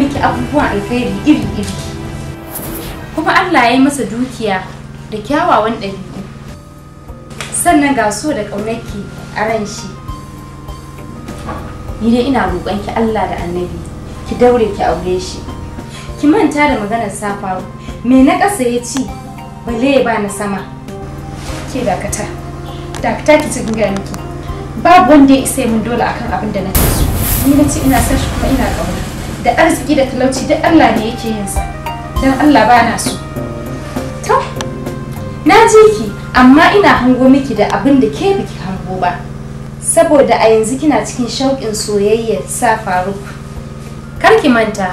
miki abubuwan alkhairi iri-iri kuma Allah ya yi masa dukiya da kyawawan ɗabi'u sannan ga so da ƙaunarki a ran shi ni dai ina ki Allah da annabi ki daure ki aure shi ki manta da maganar safaru me na ƙasa ya ci bale ya ba na sama ke dakata dakata ki cikin gaya miki babu wanda ya isa min dole akan abin da ke so ni na ce ina son shi kuma ina ƙauna da arziki da talauci duk Allah ne yake yin sa don Allah ba na so to na ji ki amma ina hango miki da abin da ke biki hango ba saboda a yanzu kina cikin shauƙin soyayyar sa faruk kar ki manta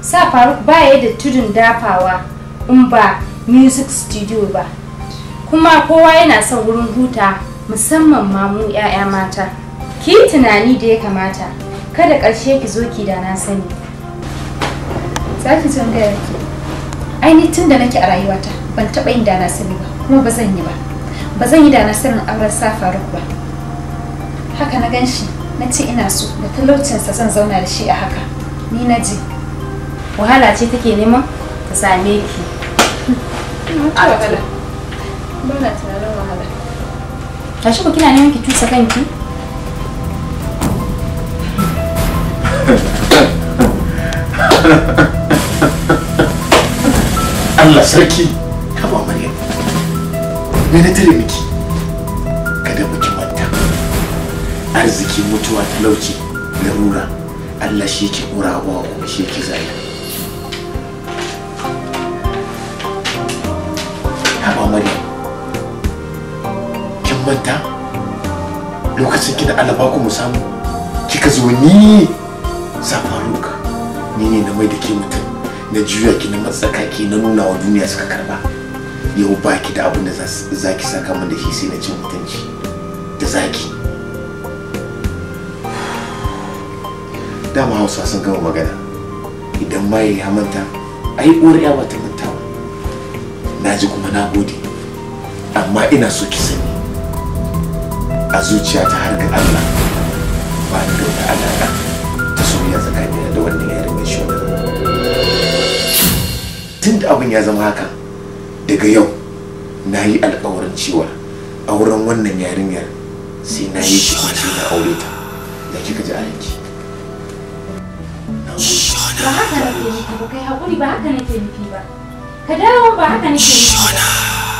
sa faruk baya da tudun dafawa in ba music studio ba kuma kowa yana son wurin huta musamman mamu 'ya'ya mata ki tunani da ya kamata kada ƙarshe ki zo ki da na sani za ki zo gaya Ai ni tun da nake a rayuwata ban taɓa yin da na sani ba kuma ba zan yi ba ba zan yi da na sanin auren sa faruk ba haka na gan shi na ce ina so da talaucinsa zan zauna da shi a haka ni na ji wahala ce take neman ta same ki ba na tunanin wahala tashi kina neman ki tusa kanki Allah sarki ka ba Maryam me na tare miki kada miki manta arziki mutuwa talauci larura Allah shi ke kurawa ko shi yake zai ka ba Maryam kin manta lokacin kida da Allah ba ku mu kika zo ni safaruka ni ne na mai da ke na juya ki na matsaka ke na nuna wa duniya suka karba yau ba ki da abin da za ki saka min da shi sai na cin mutunci da zaki dama hausa sun gama magana idan ma ya manta ai uwar ya bata manta na ji kuma na gode amma ina so ki sani a zuciya ta har ga Allah ba ni da wata alaƙa ta soyayya tsakanina da wannan yarin mai shi tun da abin ya zama haka daga yau na yi alkawarin cewa auren wannan yarinyar sai na yi shi sai na aure ta da kika ji aiki ba haka nake nufi ba kai haƙuri ba haka nake nufi ba ka dawo ba haka nake nufi ba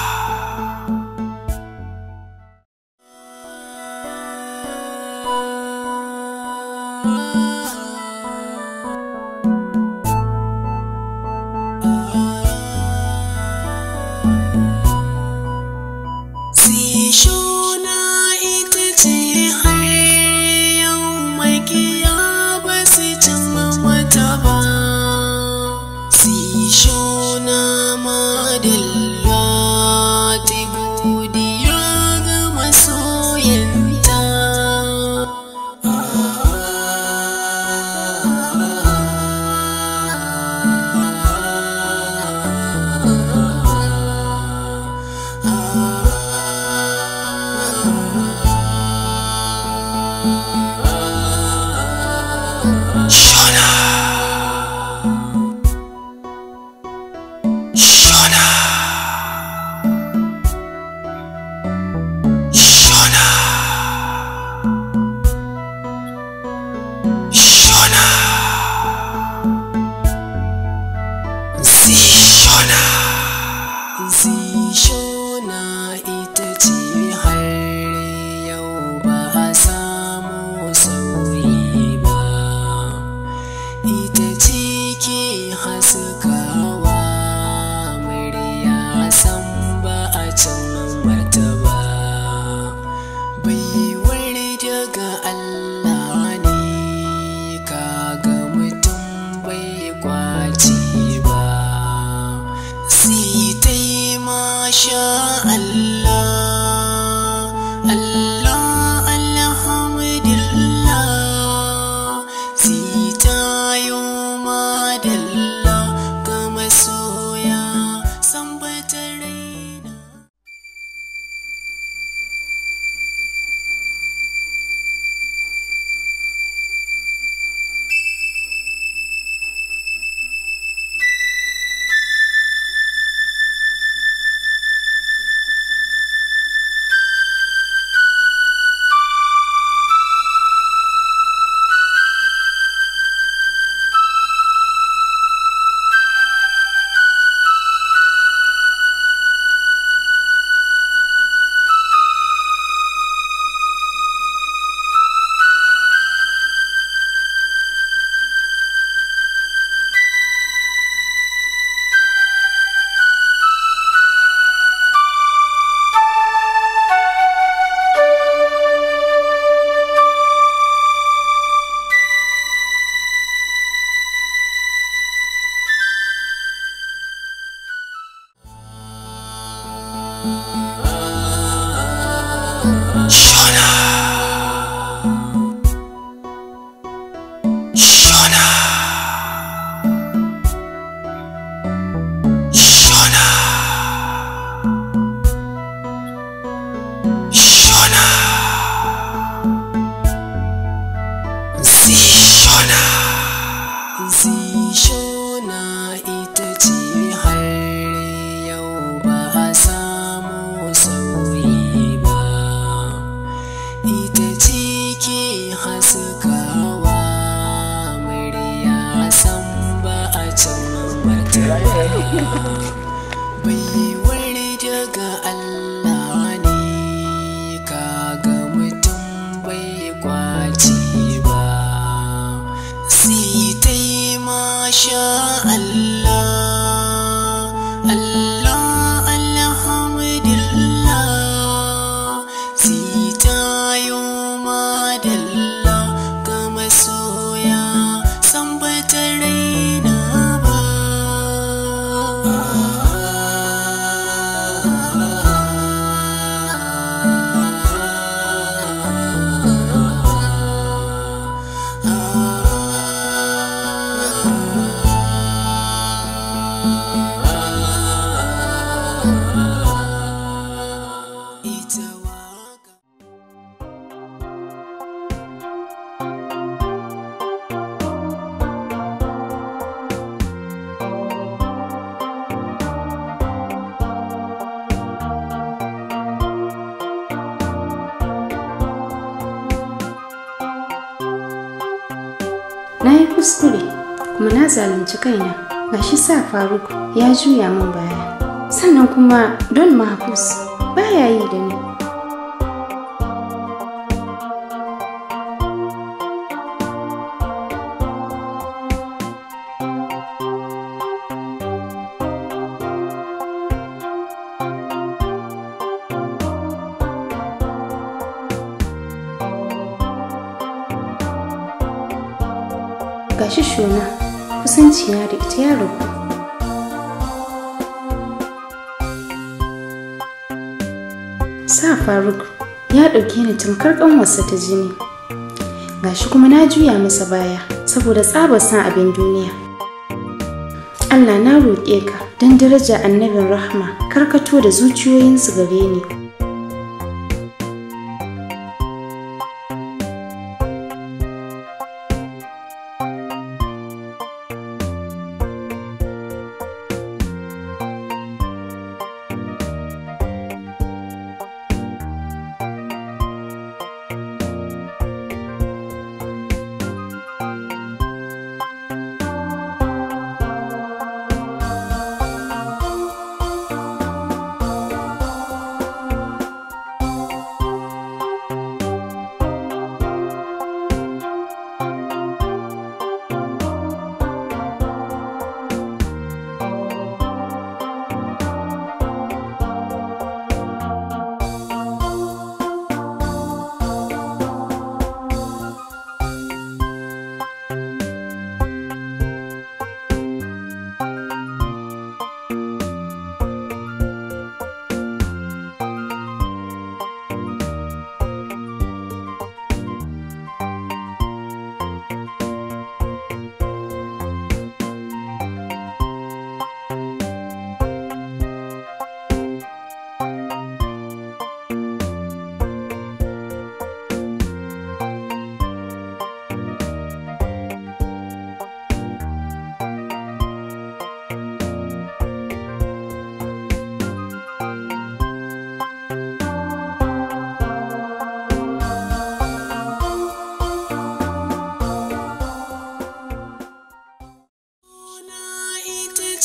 na yi kuskure kuma na zalunci kaina gashi sa faruk ya juya min baya sannan kuma don ba ya yi da ni zuciya da ita ya rabu sa faruk ya ɗauke ni tamkar ƙanwarsa ta jini gashi kuma na juya masa baya saboda tsabar san abin duniya allah na roƙe ka don daraja annabin rahma karkato da zuciyoyinsu gare ni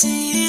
See. you.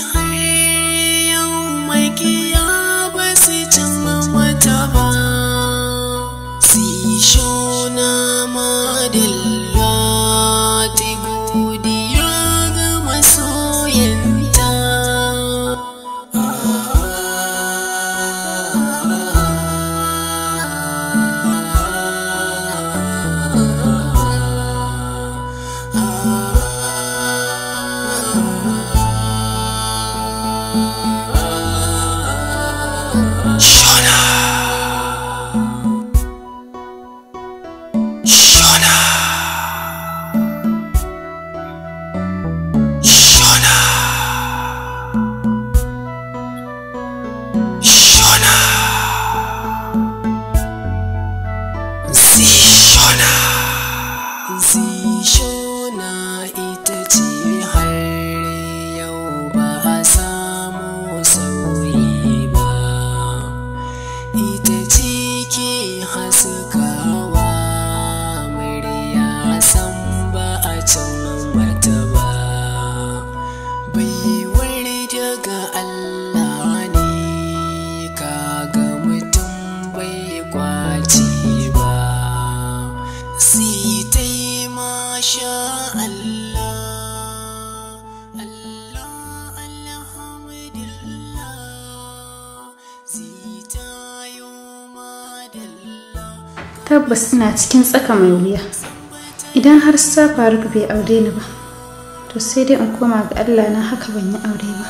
tsaka mai wuya idan har safa bai aure ni ba to sai dai in koma ga allah na haka ban yi aure ba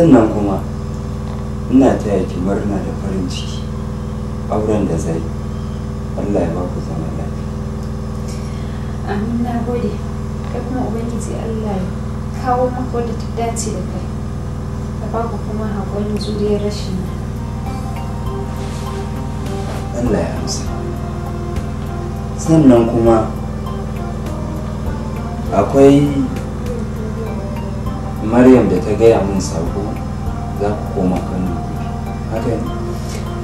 sannan kuma ina taya ki murna da farin ciki auren da zai Allah ya ba ku zama lafiya amin na gode kai kuma ubangiji Allah ya kawo maka wadda ta dace da kai da ba ku kuma haƙurin zuriyar rashin Allah ya amsa sannan kuma akwai maryam da ta gaya min sako za ku koma kano haka ne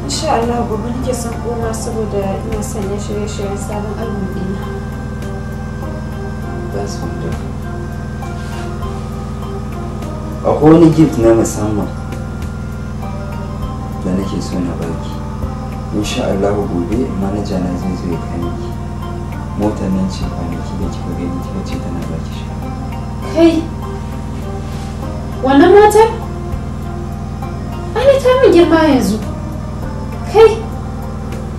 insha Allah gobe nake son koma saboda ina sanya shirye-shiryen sabon album ɗina that's wonderful akwai wani gift na musamman da nake so na baki insha Allah gobe manaja na zai zo ya kai motar nan ce kwanaki da kika gani kika ce tana baki shi kai wannan matar ai ta min girma yanzu kai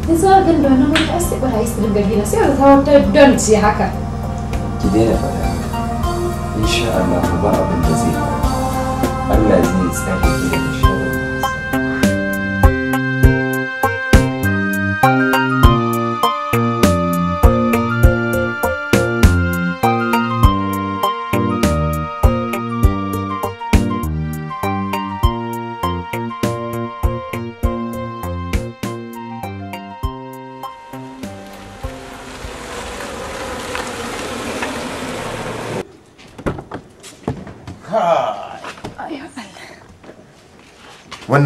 yanzu a gan da wannan mata ai sai barayi su dinga gina sai ta wata don ce haka ki daina faɗa insha Allah ba abin da zai faru Allah zai tsare ki da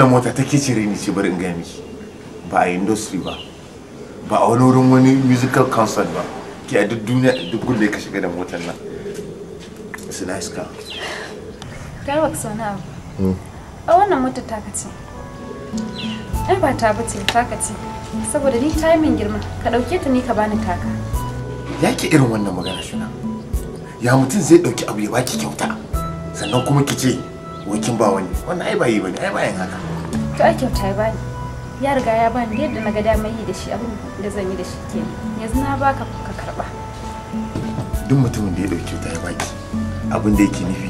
wannan mota take cire ni ce bari in gaya miki ba a industry ba ba a wani wurin wani musical concert ba ke a duk duniya duk gulle ka shiga da motar nan it's a nice car garba ka na abu a wannan motar ta kace ai ba ta bace ta kace saboda ni ta min girma ka dauke ta ni ka bani taka ya ki irin wannan magana shi ya mutum zai dauki abu ya baki kyauta sannan kuma ki ce wakin ba wani wannan ai ba yi bane ai ba yin haka to ai kyauta ya bani ya riga ya bani yadda na ga damar yi da shi abin da zan yi da shi ke yanzu na baka ka karba duk mutumin da ya dauki kyauta ya baki abin da yake nufi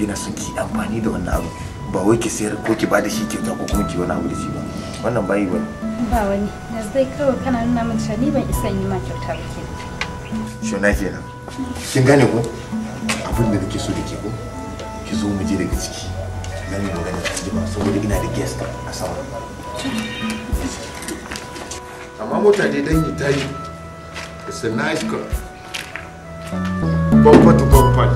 yana son ki amfani da wannan abu ba wai ki sayar ko ki bada shi kyauta ko kuma ki wani abu da shi ba wannan bayi wani ba wani yanzu dai kawai kana nuna min cewa ni ban isa yi ma kyauta ba ke shona kenan kin gane ko abin da nake so da ke ko ki zo mu je daga ciki zan yi magana a jima saboda ina da guest a sama amma mota dai dangi ta yi it's a nice car bumper to bumper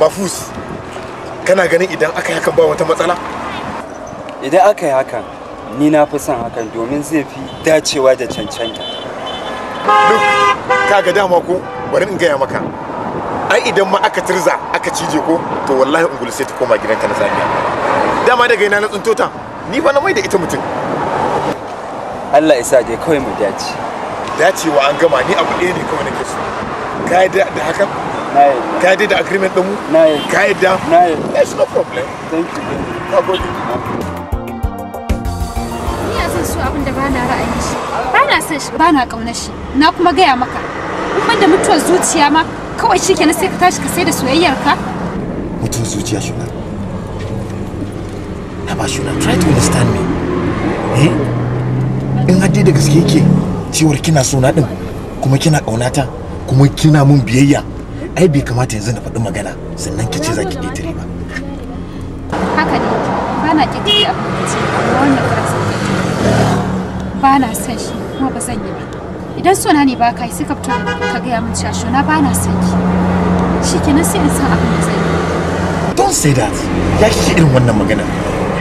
mafus kana ganin idan aka yi hakan ba wata matsala idan aka yi hakan ni na fi son hakan domin zai fi dacewa da cancanta duk ga dama ko bari in gaya maka ai idan ma aka tirza aka cije ko to wallahi ungulu sai ta koma gidanka na zamiya dama daga ina na tsinto ta ni fa na mai da ita mutum Allah isa dai kawai mu dace wa an gama ni abu ɗaya ne kawai nake so ka yadda da hakan ka yadda da agreement ɗin mu ka yadda there's no problem thank you ka gode ni a son su abinda ba na ra'ayin shi ba na son shi ba na ƙaunar shi na kuma gaya maka kuma da mutuwar zuciya ma kawai shi kenan sai ka tashi ka sai da soyayyar ka mutum zuciya shuna na ba shuna try to understand me eh in haddi da gaske yake cewar kina suna din kuma kina kaunata kuma kina mun biyayya ai bai kamata yanzu na faɗi magana sannan ki ce za ki ƙetare ba haka ne ba na ƙetare a lokaci amma wannan ba na son shi kuma ba zan yi ba idan suna ne ba ka yi sai ka fito ka gaya min cewa shona ba na son ki shi kenan sai in san abin da zai yi don't say that ya shi irin wannan magana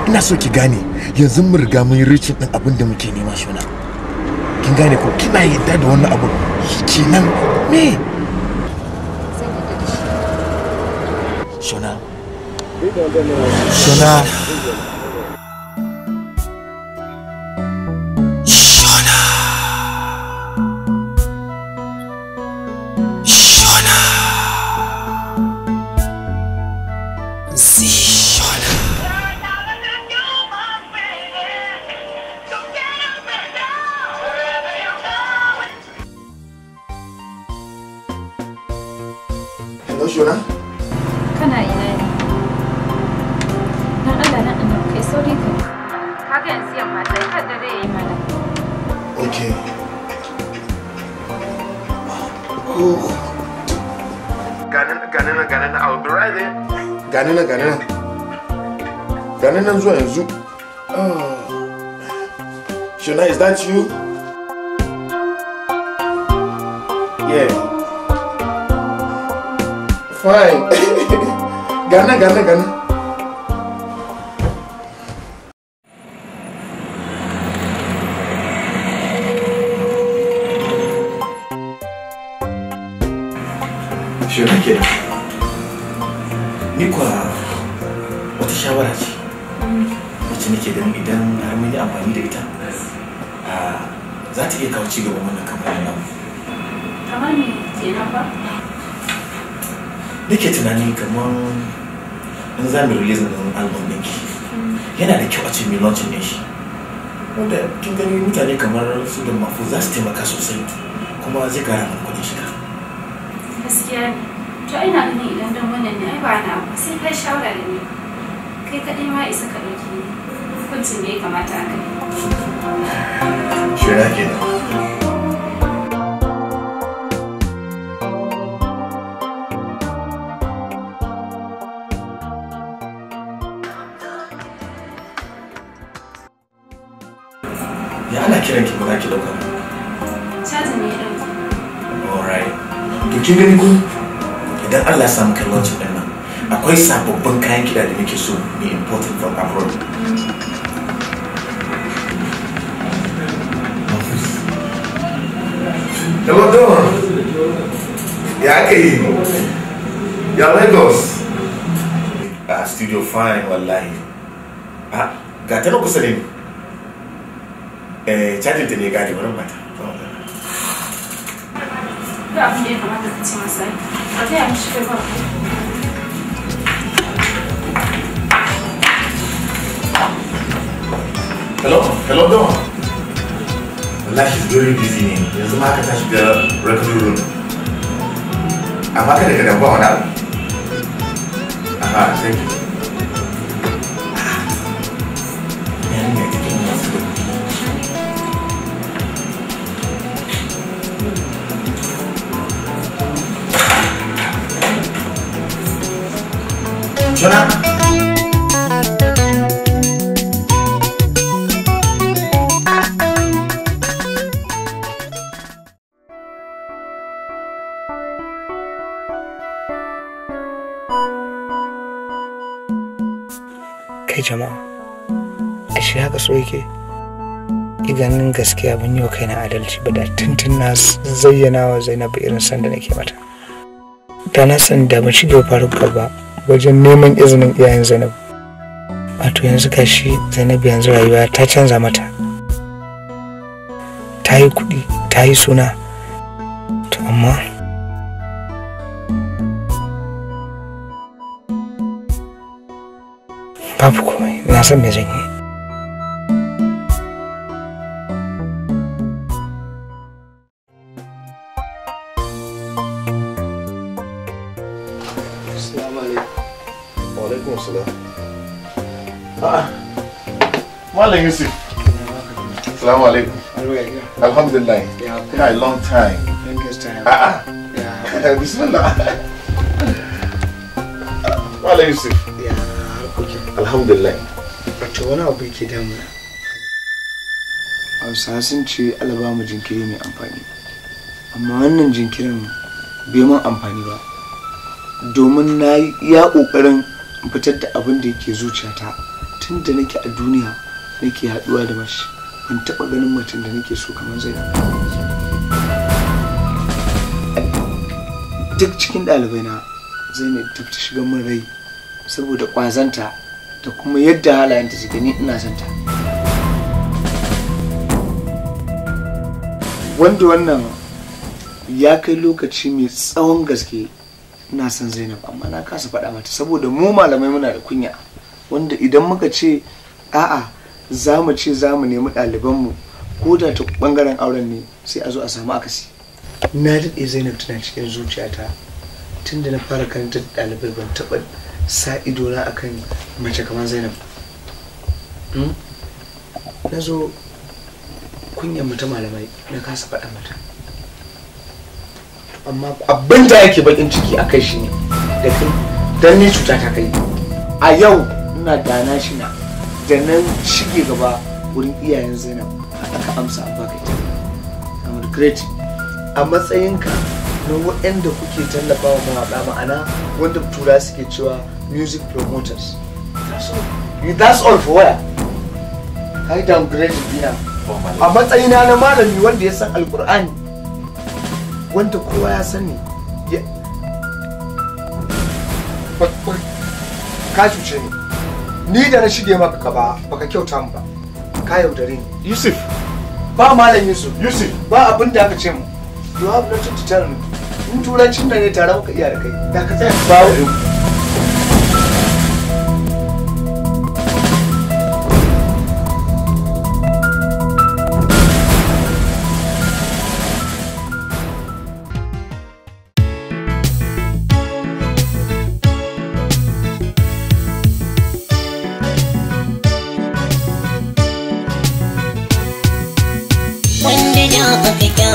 ina so ki gane yanzu mun riga mun yi rikin din abin da muke nema shona kin gane ko kina yadda da wannan abu kenan me shona shona yanzu yanzu oh. shona is that you yeah fine gana gana gana ci mana wannan kamfanin namu kamar me kenan ba nake tunanin kamar in za mu release din album din hmm. yana da kyau a ce mu launch din shi wanda kin gani mutane kamar su da mafu za su taimaka sosai kuma zai kara mana kuɗin shiga gaskiya to ina ganin idan dan wannan ne ai ba na sai kai shawara da ni kai kaɗai ma isa ka ɗauki hukuncin da ya kamata a kai 学姐。kin gani idan Allah ya samu kallon din nan akwai sababbin kayan kiɗa da nake so be important from abroad Ibadan Yakeyi ya Lagos ah studio fine wallahi ah ga tana kusa ne eh cajin ta ne gaji wani mata da abin da ya kamata ka ce masa a ta yi mishi kai ba Hello, hello, Don. lashes shi during busy ne yanzu ma aka tashi da record room amma kada ka damuwa wani abu aha thank you kai jama'a ashe haka so yake ganin gaskiya ban yi wa kaina adalci ba da tuntun na zayyana wa zainabu irin sanda nake mata da na san da mace bai faru ba wajen neman izinin iyayen zainabu wato yanzu gashi zainabu yanzu rayuwa ta canza mata ta yi kuɗi ta yi suna that's amazing. Malam alaikum. Ah. Alhamdulillah. Yeah, yeah, long time. Longest time. Ah, ah, yeah. Bismillah. Alhamdulillah. to wani abu yake damuna hausa sun ce alaba mu jinkiri mai amfani amma wannan jinkirin bai man amfani ba domin na ya ƙoƙarin fitar da abin da yake zuciyata tun da nake a duniya nake haɗuwa da mashi ban taɓa ganin mutum da nake so kamar zainab duk cikin ɗalibai na zai ne ta shiga min rai saboda ƙwazanta da kuma yadda halayen ta suke ni ina son ta wanda wannan ya kai lokaci mai tsawon gaske ina son zainab amma na kasa faɗa mata saboda mu malamai muna da kunya wanda idan muka ce a'a za mu ce za mu nemi ɗalibanmu ko da ta ɓangaren auren ne sai a zo a samu akasi na daɗe zainab tana cikin zuciyata tunda na fara karanta ɗalibai ban taɓa sa idona akan mace kamar zainab hmm? na zo kunyan mutum malamai na kasa faɗa mata amma abin da yake bakin ciki a kai shi ne da kin dan cuta ta kai a yau ina dana shi na da nan shige gaba wurin iyayen zainab aka amsa a ta i'm a matsayinka akwai waɗanda kuke tallafawa mawaƙa ma'ana wanda tura suke cewa music promoters that's all for waya kai downgrade biya a matsayina na malami wanda ya san alkur'ani wanda kowa ya sani ka cuce ni ni da na shige maka gaba baka kyauta mu ba ka yaudare ni yusuf ba malam yusuf yusuf ba abin da aka ce mu you have nothing to tell me in turancin da ne tare muka iya da kai da ka tsaya ba wa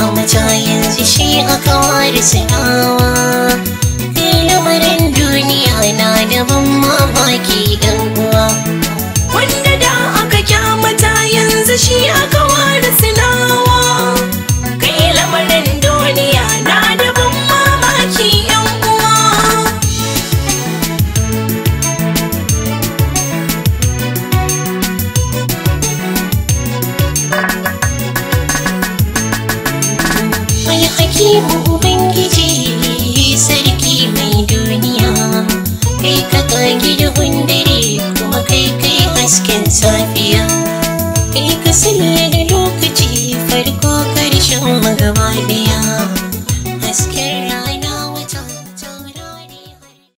mata yanzu shi aka ware sanawa kai lamarin duniya na da ban mamaki ɗan ruwa. wanda da aka kyamata yanzu shi aka gida gundare kuma kai kai hasken safiya kai ka da lokaci farko karshen magabaɗiya